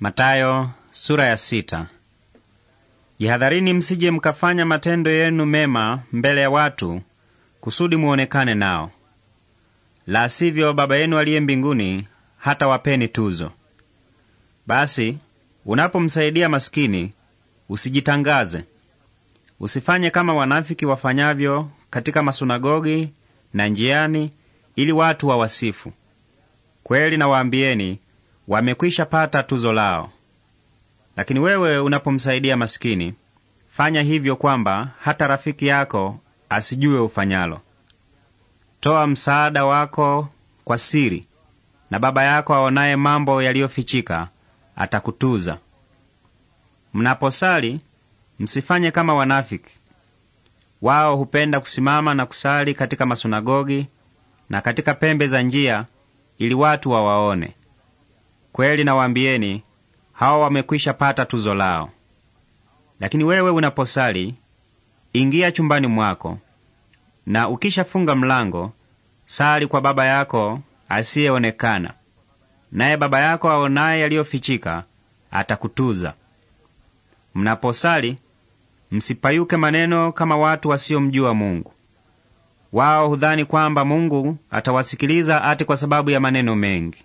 Matayo, sura ya sita. Jihadharini msije mkafanya matendo yenu mema mbele ya watu kusudi muonekane nao, la sivyo Baba yenu aliye mbinguni hata wapeni tuzo. Basi unapomsaidia masikini usijitangaze, usifanye kama wanafiki wafanyavyo katika masunagogi na njiani, ili watu wawasifu. Kweli nawaambieni wamekwisha pata tuzo lao. Lakini wewe unapomsaidia masikini, fanya hivyo kwamba hata rafiki yako asijue ufanyalo. Toa msaada wako kwa siri, na Baba yako aonaye mambo yaliyofichika atakutuza. Mnaposali msifanye kama wanafiki. Wao hupenda kusimama na kusali katika masunagogi na katika pembe za njia, ili watu wawaone. Kweli nawaambieni, hawa wamekwisha pata tuzo lao. Lakini wewe unaposali, ingia chumbani mwako na ukishafunga mlango, sali kwa Baba yako asiyeonekana, naye Baba yako aonaye yaliyofichika atakutuza. Mnaposali, msipayuke maneno kama watu wasiomjua Mungu. Wao hudhani kwamba Mungu atawasikiliza ati kwa sababu ya maneno mengi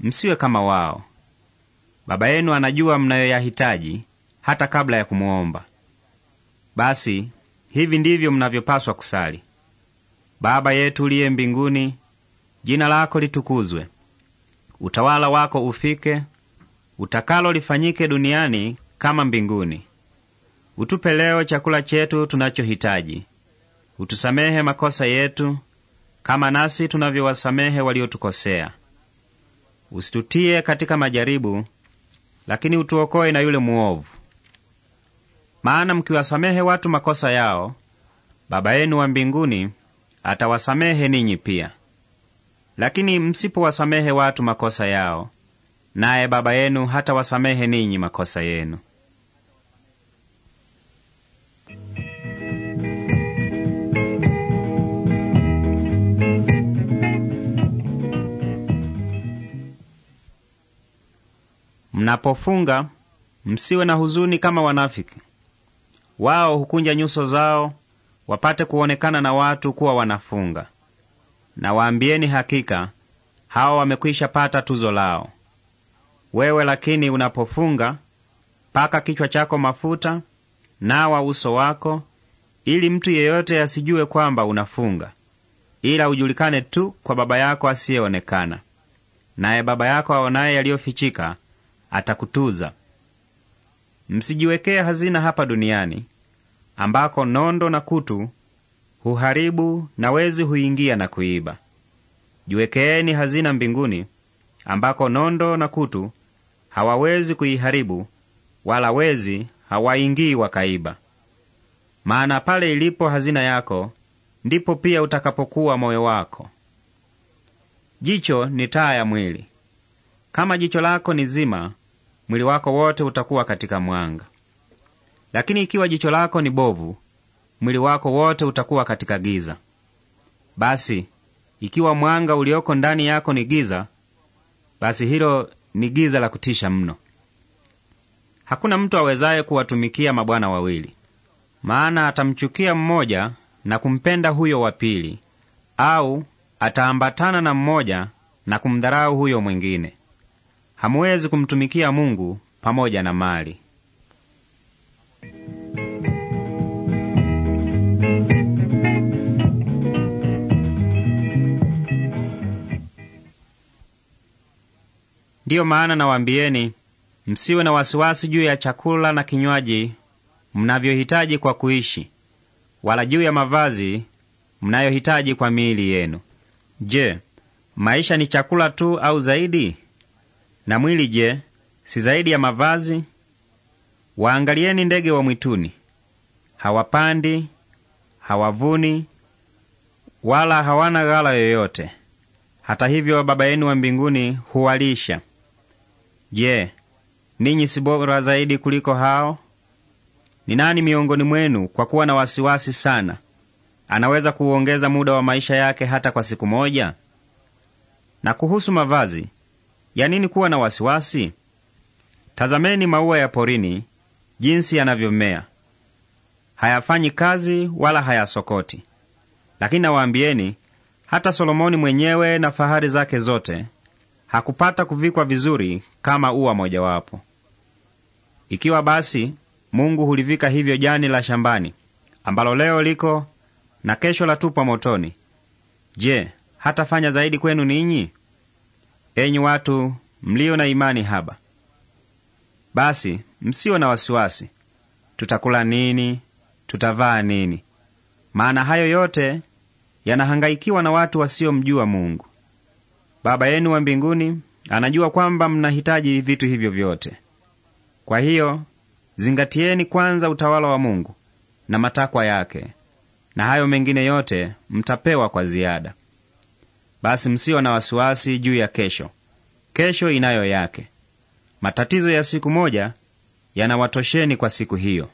msiwe kama wao. Baba yenu anajua mnayoyahitaji hata kabla ya kumwomba. Basi hivi ndivyo mnavyopaswa kusali: Baba yetu uliye mbinguni, jina lako litukuzwe, utawala wako ufike, utakalo lifanyike duniani kama mbinguni. Utupe leo chakula chetu tunachohitaji, utusamehe makosa yetu kama nasi tunavyowasamehe waliotukosea usitutie katika majaribu, lakini utuokoe na yule muovu. Maana mkiwasamehe watu makosa yao, Baba yenu wa mbinguni atawasamehe ninyi pia. Lakini msipowasamehe watu makosa yao, naye Baba yenu hatawasamehe ninyi makosa yenu. Mnapofunga msiwe na huzuni kama wanafiki. Wao hukunja nyuso zao wapate kuonekana na watu kuwa wanafunga. Na waambieni hakika hawa wamekwisha pata tuzo lao. Wewe lakini unapofunga, paka kichwa chako mafuta, nawa uso wako, ili mtu yeyote asijue kwamba unafunga, ila ujulikane tu kwa Baba yako asiyeonekana. Naye Baba yako aonaye yaliyofichika atakutuza. Msijiwekee hazina hapa duniani, ambako nondo na kutu huharibu na wezi huingia na kuiba. Jiwekeeni hazina mbinguni, ambako nondo na kutu hawawezi kuiharibu, wala wezi hawaingii wakaiba. Maana pale ilipo hazina yako, ndipo pia utakapokuwa moyo wako. Jicho ni taa ya mwili. Kama jicho lako ni zima, mwili wako wote utakuwa katika mwanga. Lakini ikiwa jicho lako ni bovu, mwili wako wote utakuwa katika giza. Basi ikiwa mwanga ulioko ndani yako ni giza, basi hilo ni giza la kutisha mno. Hakuna mtu awezaye kuwatumikia mabwana wawili, maana atamchukia mmoja na kumpenda huyo wa pili, au ataambatana na mmoja na kumdharau huyo mwingine hamuwezi kumtumikia Mungu pamoja na mali. Ndiyo maana nawaambieni, msiwe na wasiwasi juu ya chakula na kinywaji mnavyohitaji kwa kuishi, wala juu ya mavazi mnayohitaji kwa miili yenu. Je, maisha ni chakula tu au zaidi? Na mwili je, si zaidi ya mavazi? Waangalieni ndege wa mwituni, hawapandi, hawavuni, wala hawana ghala yoyote. Hata hivyo Baba yenu wa mbinguni huwalisha. Je, ninyi si bora zaidi kuliko hao? Ni nani miongoni mwenu kwa kuwa na wasiwasi sana anaweza kuuongeza muda wa maisha yake hata kwa siku moja? Na kuhusu mavazi, ya nini kuwa na wasiwasi? Tazameni maua ya porini jinsi yanavyomea, hayafanyi kazi wala hayasokoti. Lakini nawaambieni, hata Solomoni mwenyewe na fahari zake zote hakupata kuvikwa vizuri kama ua mojawapo. Ikiwa basi Mungu hulivika hivyo jani la shambani ambalo leo liko na kesho la tupwa motoni, je, hatafanya zaidi kwenu ninyi enyi watu mlio na imani haba. Basi msiwe na wasiwasi, tutakula nini, tutavaa nini? Maana hayo yote yanahangaikiwa na watu wasiomjua Mungu. Baba yenu wa mbinguni anajua kwamba mnahitaji vitu hivyo vyote. Kwa hiyo zingatieni kwanza utawala wa Mungu na matakwa yake, na hayo mengine yote mtapewa kwa ziada. Basi msiwe na wasiwasi juu ya kesho, kesho inayo yake. Matatizo ya siku moja yanawatosheni kwa siku hiyo.